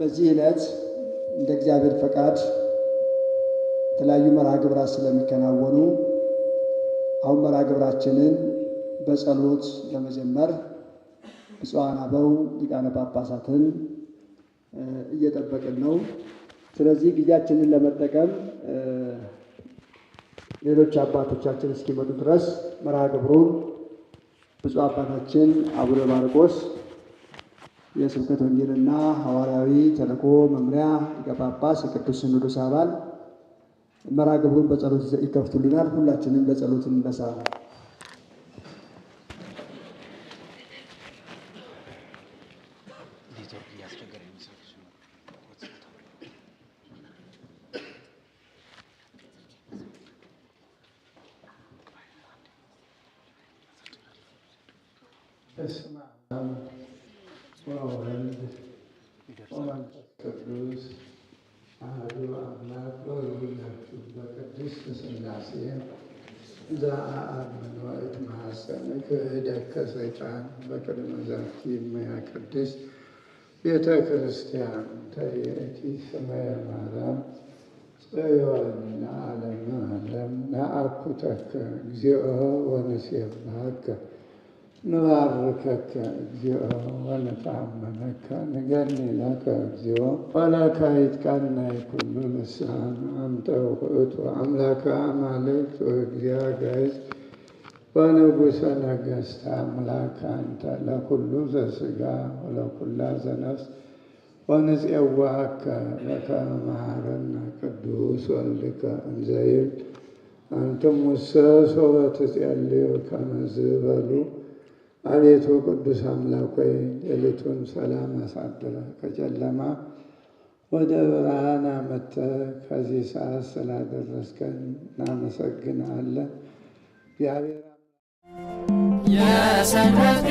በዚህ ዕለት እንደ እግዚአብሔር ፈቃድ የተለያዩ መርሃ ግብራት ስለሚከናወኑ አሁን መርሃ ግብራችንን በጸሎት ለመጀመር ብፁዓን አበው ሊቃነ ጳጳሳትን እየጠበቅን ነው። ስለዚህ ጊዜያችንን ለመጠቀም ሌሎች አባቶቻችን እስኪመጡ ድረስ መርሃ ግብሩን ብፁዕ አባታችን አቡነ ማርቆስ የስብከት ወንጌልና ሐዋርያዊ ተልእኮ መምሪያ ሊቀ ጳጳስ፣ የቅዱስ ሲኖዶስ አባል መርሃ ግብሩን በጸሎት ይከፍቱልናል። ሁላችንም በጸሎት እንነሳ። Yes. ዘአአምኖት ማሐሰንክ እህደከ ሰይጣን በቅድመ ዛቲ እመያ ቅድስት ቤተ ክርስቲያን ተየእቲ ስመ ማርያም ጽዮንና ዓለም ዓለም ነአኩተከ እግዚኦ ወንሴባከ ንባርከከ እግዚኦ ወንጣመነከ ንገድኒ ለከ እግዚኦ ወለካይትቃልና ይኩሉ ንስሓን አምጠው ውእቱ አምላከ አማልክት ወእግዚአ ጋይዝ በንጉሰ ነገሥት አምላክ አንተ ለኩሉ ዘሥጋ ወለኩላ ዘነፍስ ወንጽዋከ በከመ መሃረነ ቅዱስ ወልድከ እንዘ ይብል አንትሙሰ ሰወ ትጼልዩ ከመ ዝሕበሉ አቤቱ ቅዱስ አምላክ ሆይ ሌሊቱን ሰላም አሳድረ ከጨለማ ወደ ብርሃን አመተ ከዚህ ሰዓት ስላደረስከን እናመሰግናለን። የሰንበት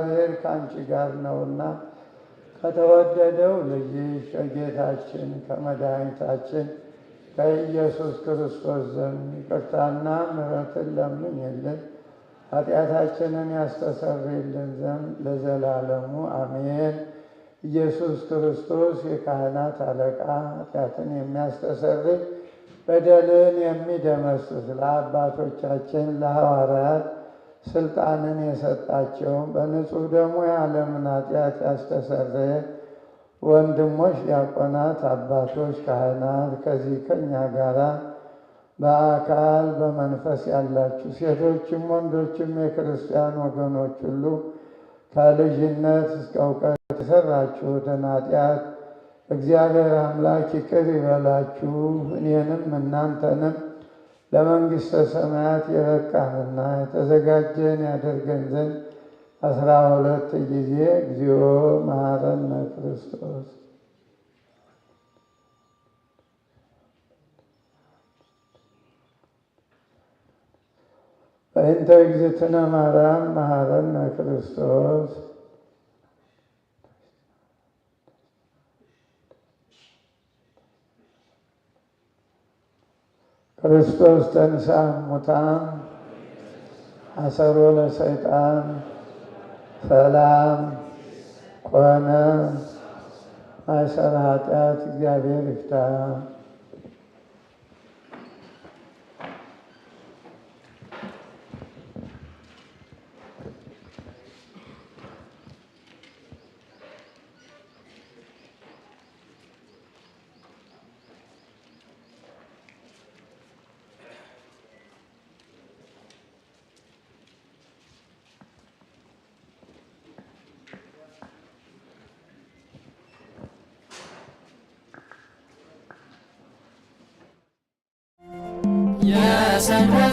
እግዚአብሔር ከአንቺ ጋር ነውና ከተወደደው ልጅሽ ከጌታችን ከመድኃኒታችን ከኢየሱስ ክርስቶስ ዘንድ ይቅርታና ምሕረትን ለምኝልን ኃጢአታችንን ያስተሰርይልን ዘንድ ለዘላለሙ አሜን። ኢየሱስ ክርስቶስ የካህናት አለቃ ኃጢአትን የሚያስተሰርይ በደልን የሚደመስስ ለአባቶቻችን ለሐዋርያት ስልጣንን የሰጣቸው በንጹህ ደግሞ የዓለምን ኃጢአት ያስተሰረየ ወንድሞች ዲያቆናት፣ አባቶች ካህናት፣ ከዚህ ከኛ ጋራ በአካል በመንፈስ ያላችሁ ሴቶችም ወንዶችም የክርስቲያን ወገኖች ሁሉ ከልጅነት እስከ እውቀት የሰራችሁትን ኃጢአት እግዚአብሔር አምላክ ይቅር ይበላችሁ እኔንም እናንተንም ለመንግሥተ ሰማያት የበቃንና የተዘጋጀን ያደርገን ዘንድ አስራ ሁለት ጊዜ እግዚኦ መሐረነ ክርስቶስ። በእንተ እግዝእትነ ማርያም መሐረነ ክርስቶስ ክርስቶስ ተንሥአ እሙታን አሰሮ ለሰይጣን ሰላም ኮነ ማይሰር ኃጢአት እግዚአብሔር ይፍታ። Casa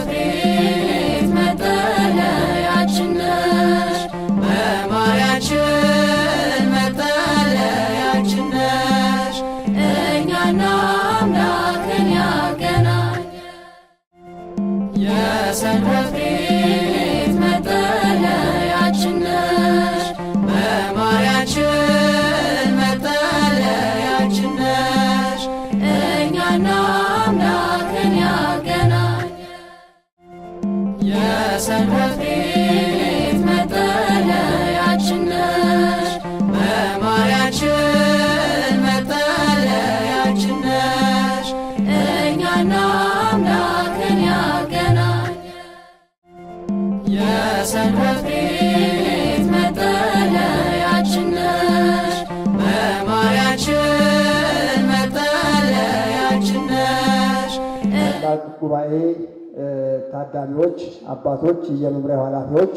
ታዳሚዎች፣ አባቶች፣ የመምሪያው ኃላፊዎች፣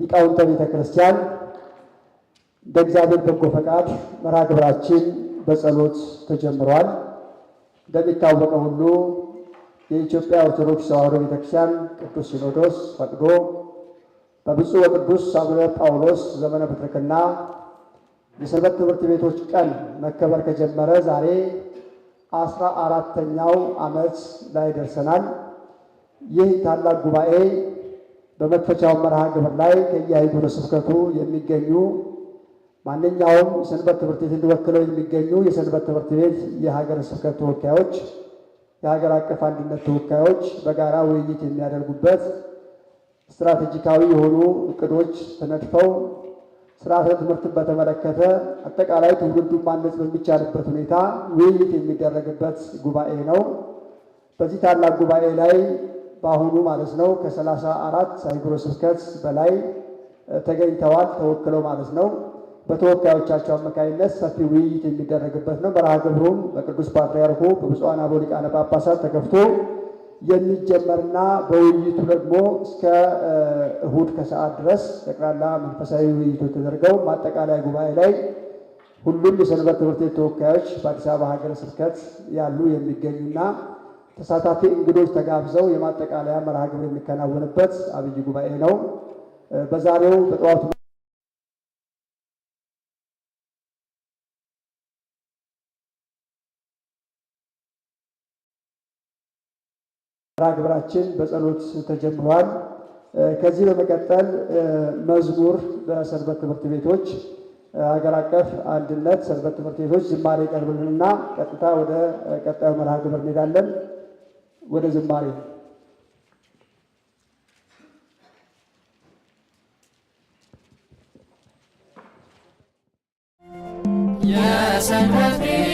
ሊቃውንተ ቤተ ክርስቲያን እንደ እግዚአብሔር በጎ ፈቃድ መርሃ ግብራችን በጸሎት ተጀምሯል። እንደሚታወቀ ሁሉ የኢትዮጵያ ኦርቶዶክስ ተዋሕዶ ቤተክርስቲያን ቅዱስ ሲኖዶስ ፈቅዶ በብፁዕ ወቅዱስ አቡነ ጳውሎስ ዘመነ ፕትርክና የሰንበት ትምህርት ቤቶች ቀን መከበር ከጀመረ ዛሬ አስራ አራተኛው ዓመት ላይ ደርሰናል። ይህ ታላቅ ጉባኤ በመክፈቻው መርሃ ግብር ላይ ከየአህጉረ ስብከቱ የሚገኙ ማንኛውም የሰንበት ትምህርት ቤት እንዲወክለው የሚገኙ የሰንበት ትምህርት ቤት የሀገረ ስብከት ተወካዮች፣ የሀገር አቀፍ አንድነት ተወካዮች በጋራ ውይይት የሚያደርጉበት ስትራቴጂካዊ የሆኑ እቅዶች ተነድፈው ስርዓተ ትምህርትን በተመለከተ አጠቃላይ ትውልዱን ማነጽ በሚቻልበት ሁኔታ ውይይት የሚደረግበት ጉባኤ ነው። በዚህ ታላቅ ጉባኤ ላይ በአሁኑ ማለት ነው ከ 34 አህጉረ ስብከት በላይ ተገኝተዋል ተወክለው ማለት ነው። በተወካዮቻቸው አማካኝነት ሰፊ ውይይት የሚደረግበት ነው። በረሃ ግብሩም በቅዱስ ፓትርያርኩ በብፁዓን አበው ሊቃነ ጳጳሳት ተከፍቶ የሚጀመርና በውይይቱ ደግሞ እስከ እሁድ ከሰዓት ድረስ ጠቅላላ መንፈሳዊ ውይይቶች ተደርገው ማጠቃላይ ጉባኤ ላይ ሁሉም የሰንበት ትምህርት ቤት ተወካዮች በአዲስ አበባ ሀገረ ስብከት ያሉ የሚገኙና ተሳታፊ እንግዶች ተጋብዘው የማጠቃለያ መርሃ ግብር የሚከናወንበት አብይ ጉባኤ ነው። በዛሬው በጠዋቱ መርሃ ግብራችን በጸሎት ተጀምሯል። ከዚህ በመቀጠል መዝሙር በሰንበት ትምህርት ቤቶች ሀገር አቀፍ አንድነት ሰንበት ትምህርት ቤቶች ዝማሬ ይቀርብልንና ቀጥታ ወደ ቀጣዩ መርሃ ግብር እንሄዳለን። What does embody? يا سنتي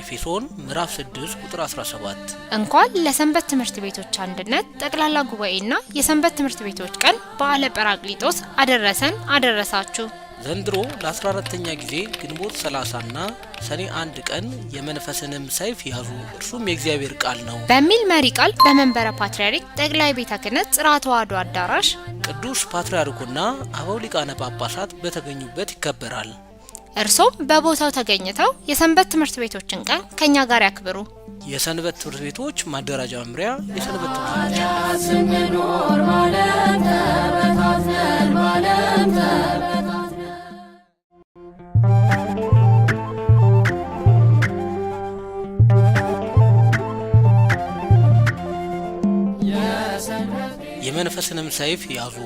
ኤፌሶን ምዕራፍ 6 ቁጥር 17። እንኳን ለሰንበት ትምህርት ቤቶች አንድነት ጠቅላላ ጉባኤና የሰንበት ትምህርት ቤቶች ቀን በዓለ ጰራቅሊጦስ አደረሰን አደረሳችሁ። ዘንድሮ ለ14ተኛ ጊዜ ግንቦት 30ና ሰኔ አንድ ቀን የመንፈስንም ሰይፍ ያዙ እርሱም የእግዚአብሔር ቃል ነው በሚል መሪ ቃል በመንበረ ፓትርያርክ ጠቅላይ ቤተ ክህነት ጽርሐ ተዋሕዶ አዳራሽ ቅዱስ ፓትርያርኩና አበው ሊቃነ ጳጳሳት በተገኙበት ይከበራል። እርሶም በቦታው ተገኝተው የሰንበት ትምህርት ቤቶችን ቀን ከኛ ጋር ያክብሩ። የሰንበት ትምህርት ቤቶች ማደራጃ መምሪያ የሰንበት ትምህርት የመንፈስንም ሰይፍ ያዙ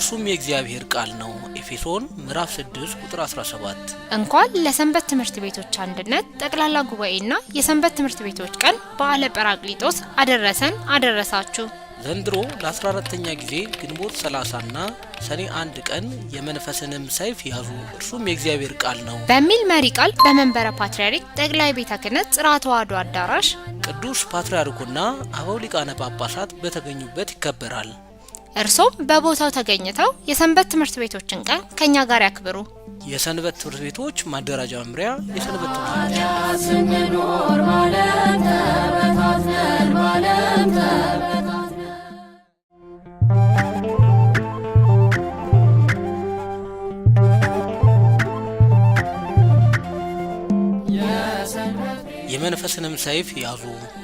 እርሱም የእግዚአብሔር ቃል ነው። ኤፌሶን ምዕራፍ 6 ቁጥር 17። እንኳን ለሰንበት ትምህርት ቤቶች አንድነት ጠቅላላ ጉባኤና የሰንበት ትምህርት ቤቶች ቀን በዓለ ጰራቅሊጦስ አደረሰን አደረሳችሁ። ዘንድሮ ለ14ተኛ ጊዜ ግንቦት 30ና ሰኔ አንድ ቀን የመንፈስንም ሰይፍ ያዙ እርሱም የእግዚአብሔር ቃል ነው በሚል መሪ ቃል በመንበረ ፓትርያርክ ጠቅላይ ቤተ ክህነት ጽርሐ ተዋሕዶ አዳራሽ ቅዱስ ፓትርያርኩና አበው ሊቃነ ጳጳሳት በተገኙበት ይከበራል። እርሶም በቦታው ተገኝተው የሰንበት ትምህርት ቤቶችን ቀን ከእኛ ጋር ያክብሩ። የሰንበት ትምህርት ቤቶች ማደራጃ መምሪያ የሰንበት ትምህርት ቤቶች የመንፈስንም ሰይፍ ያዙ፣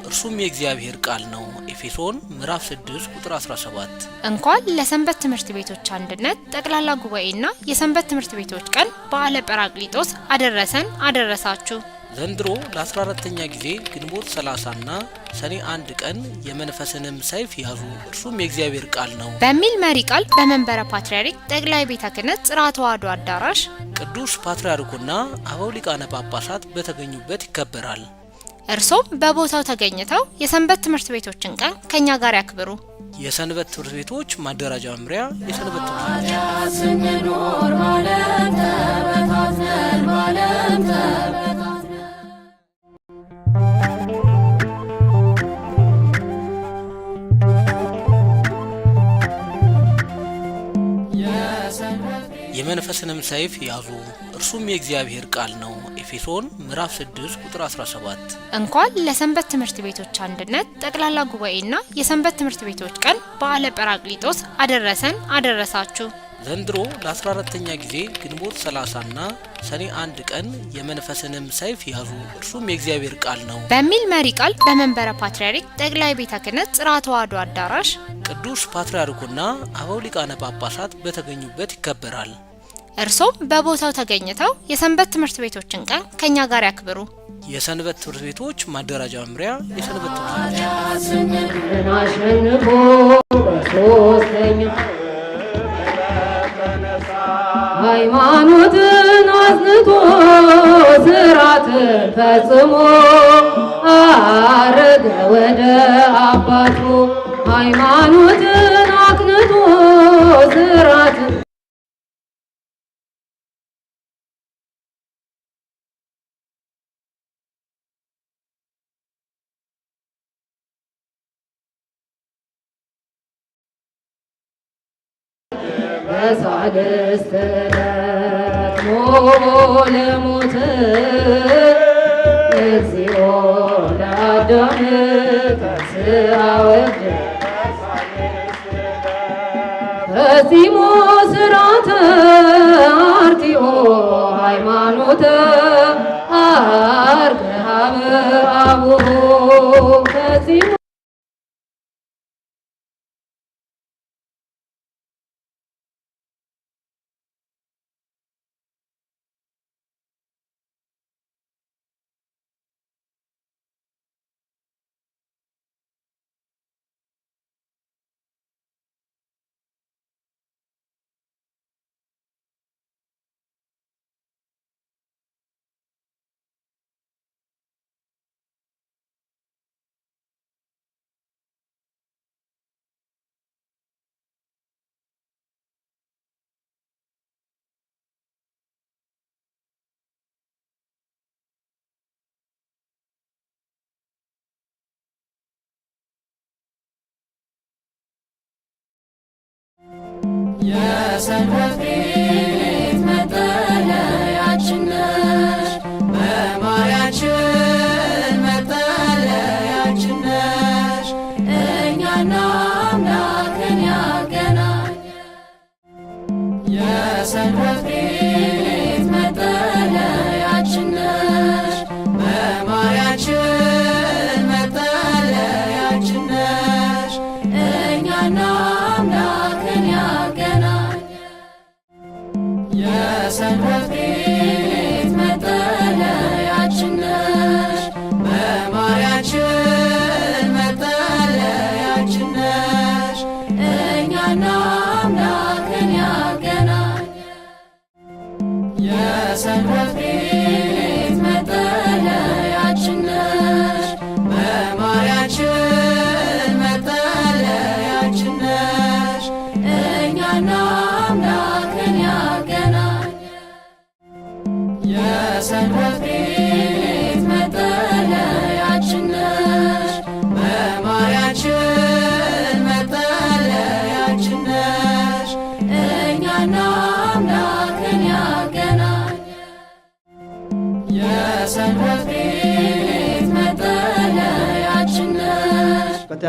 እርሱም የእግዚአብሔር ቃል ነው። ኤፌሶን ምዕራፍ 6 ቁጥር 17። እንኳን ለሰንበት ትምህርት ቤቶች አንድነት ጠቅላላ ጉባኤና የሰንበት ትምህርት ቤቶች ቀን በዓለ ጰራቅሊጦስ አደረሰን አደረሳችሁ። ዘንድሮ ለ14ተኛ ጊዜ ግንቦት 30ና ሰኔ አንድ ቀን የመንፈስንም ሰይፍ ያዙ እርሱም የእግዚአብሔር ቃል ነው በሚል መሪ ቃል በመንበረ ፓትርያርክ ጠቅላይ ቤተ ክህነት ጽርሐ ተዋሕዶ አዳራሽ ቅዱስ ፓትርያርኩና አበው ሊቃነ ጳጳሳት በተገኙበት ይከበራል። እርሶም በቦታው ተገኝተው የሰንበት ትምህርት ቤቶችን ቀን ከኛ ጋር ያክብሩ። የሰንበት ትምህርት ቤቶች ማደራጃ መምሪያ የሰንበት የመንፈስንም ሰይፍ ያዙ፣ እርሱም የእግዚአብሔር ቃል ነው። ኤፌሶን ምዕራፍ 6 ቁጥር 17 እንኳን ለሰንበት ትምህርት ቤቶች አንድነት ጠቅላላ ጉባኤና የሰንበት ትምህርት ቤቶች ቀን በዓለ ጰራቅሊጦስ አደረሰን አደረሳችሁ። ዘንድሮ ለ14ተኛ ጊዜ ግንቦት 30ና ሰኔ አንድ ቀን የመንፈስንም ሰይፍ ያዙ እርሱም የእግዚአብሔር ቃል ነው በሚል መሪ ቃል በመንበረ ፓትርያርክ ጠቅላይ ቤተ ክህነት ጽርሐ ተዋሕዶ አዳራሽ ቅዱስ ፓትርያርኩና አበው ሊቃነ ጳጳሳት በተገኙበት ይከበራል። እርሶም በቦታው ተገኝተው የሰንበት ትምህርት ቤቶችን ቀን ከኛ ጋር ያክብሩ። የሰንበት ትምህርት ቤቶች ማደራጃ መምሪያ የሰንበት ሃይማኖትን አዝንቶ ስራትን ፈጽሞ አረገ ወደ አባቱ ሃይማኖትን አክንቶ ስራትን ሳድስት ደግሞ ልሙት እግዚኦ ለአዳም ተስአወድ ፈጺሞ ስራተ አርቲኦ ሃይማኖተ አርግሃብ አቡሁ ፈጺሞ present.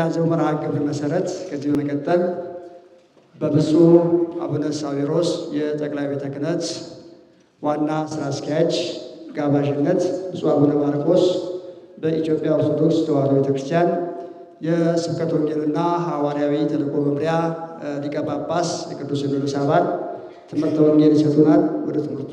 በተያዘው መርሃ ግብር መሰረት ከዚህ በመቀጠል በብፁዕ አቡነ ሳዊሮስ የጠቅላይ ቤተ ክህነት ዋና ስራ አስኪያጅ ጋባዥነት ብፁዕ አቡነ ማርቆስ በኢትዮጵያ ኦርቶዶክስ ተዋሕዶ ቤተክርስቲያን የስብከት ወንጌልና ሐዋርያዊ ተልእኮ መምሪያ ሊቀ ጳጳስ የቅዱስ ሲኖዶስ አባል ትምህርተ ወንጌል ይሰጡናል። ወደ ትምህርቱ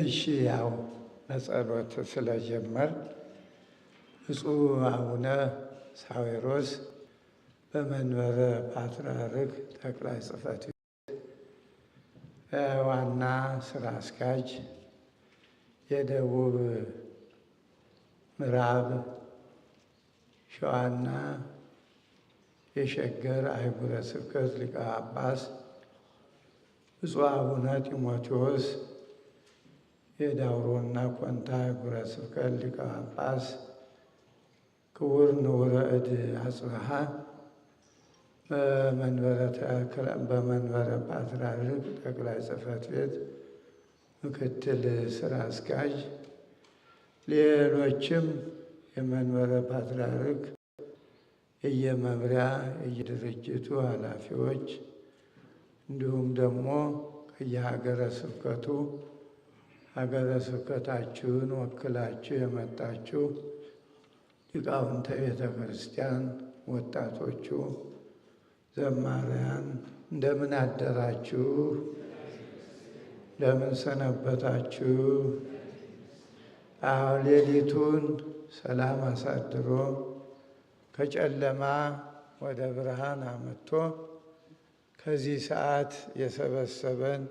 እሺ ያው መጸሎት ስለጀመር ብፁዕ አቡነ ሳዊሮስ በመንበረ ፓትርያርክ ጠቅላይ ጽሕፈት ቤት ዋና ስራ አስኪያጅ፣ የደቡብ ምዕራብ ሸዋና የሸገር አህጉረ ስብከት ሊቀ ጳጳስ፣ ብፁዕ አቡነ ጢሞቴዎስ እና ኮንታ ሀገረ ስብከት ሊቀ ጳጳስ ክቡር ንቡረ እድ አጽብሃ በመንበረ ፓትርያርክ ጠቅላይ ጽሕፈት ቤት ምክትል ስራ አስኪያጅ፣ ሌሎችም የመንበረ ፓትርያርክ የየመምሪያ እየድርጅቱ ኃላፊዎች እንዲሁም ደግሞ ከየሀገረ ስብከቱ ሀገረ ስብከታችሁን ወክላችሁ የመጣችሁ ሊቃውንተ ቤተ ክርስቲያን፣ ወጣቶቹ፣ ዘማሪያን እንደምን አደራችሁ? እንደምን ሰነበታችሁ? አሁ ሌሊቱን ሰላም አሳድሮ ከጨለማ ወደ ብርሃን አመጥቶ ከዚህ ሰዓት የሰበሰበን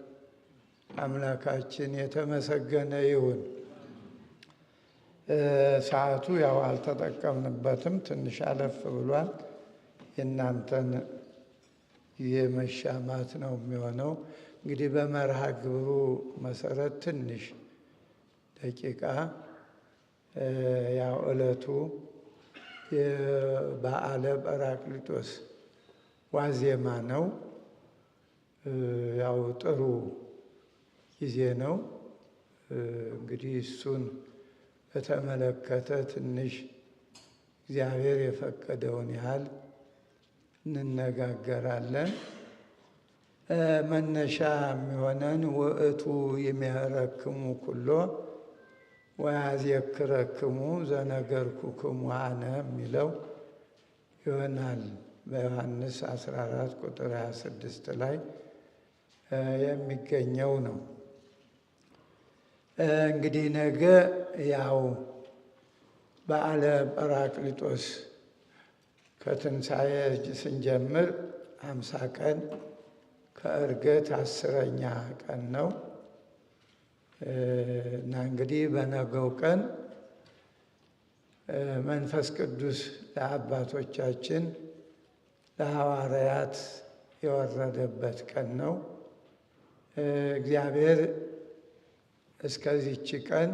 አምላካችን የተመሰገነ ይሁን። ሰዓቱ ያው አልተጠቀምንበትም፣ ትንሽ አለፍ ብሏል። የእናንተን የመሻማት ነው የሚሆነው። እንግዲህ በመርሃ ግብሩ መሰረት ትንሽ ደቂቃ ያው እለቱ የበአለ ጰራቅሊጦስ ዋዜማ ነው። ያው ጥሩ ጊዜ ነው። እንግዲህ እሱን በተመለከተ ትንሽ እግዚአብሔር የፈቀደውን ያህል እንነጋገራለን። መነሻ የሚሆነን ውእቱ የሚያረክሙ ኩሎ ወያዜክረክሙ ዘነገርኩክሙ አነ የሚለው ይሆናል። በዮሐንስ 14 ቁጥር 26 ላይ የሚገኘው ነው። እንግዲህ ነገ ያው በዓለ ጰራቅሊጦስ ከትንሣኤ ስንጀምር አምሳ ቀን ከእርገት አስረኛ ቀን ነው እና እንግዲህ በነገው ቀን መንፈስ ቅዱስ ለአባቶቻችን ለሐዋርያት የወረደበት ቀን ነው። እግዚአብሔር እስከዚች ቀን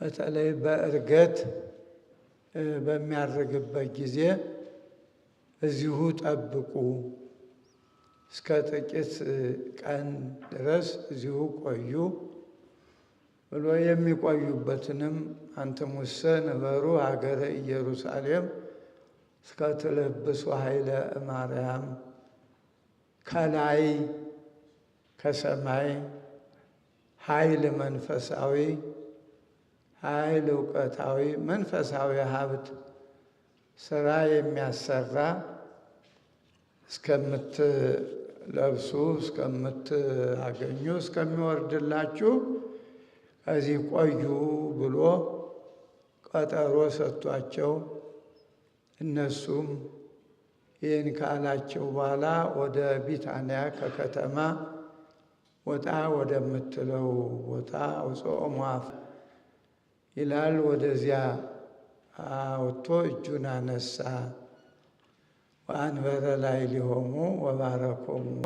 በተለይ በእርገት በሚያርግበት ጊዜ እዚሁ ጠብቁ፣ እስከ ጥቂት ቀን ድረስ እዚሁ ቆዩ ብሎ የሚቆዩበትንም አንትሙሰ ንበሩ ሀገረ ኢየሩሳሌም እስከ ትለብሱ ኃይለ ማርያም ከላይ ከሰማይ ኃይል መንፈሳዊ፣ ኃይል እውቀታዊ፣ መንፈሳዊ ሀብት ስራ የሚያሰራ እስከምትለብሱ እስከምታገኙ እስከሚወርድላችሁ ከዚህ ቆዩ ብሎ ቀጠሮ ሰጥቷቸው እነሱም ይህን ካላቸው በኋላ ወደ ቢታንያ ከከተማ ወጣ ወደምትለው ቦታ ውፅኦ ሟፍ ይላል። ወደዚያ ወጥቶ እጁን አነሳ። ወአንበረ ላይ ሊሆሙ ወባረኮሙ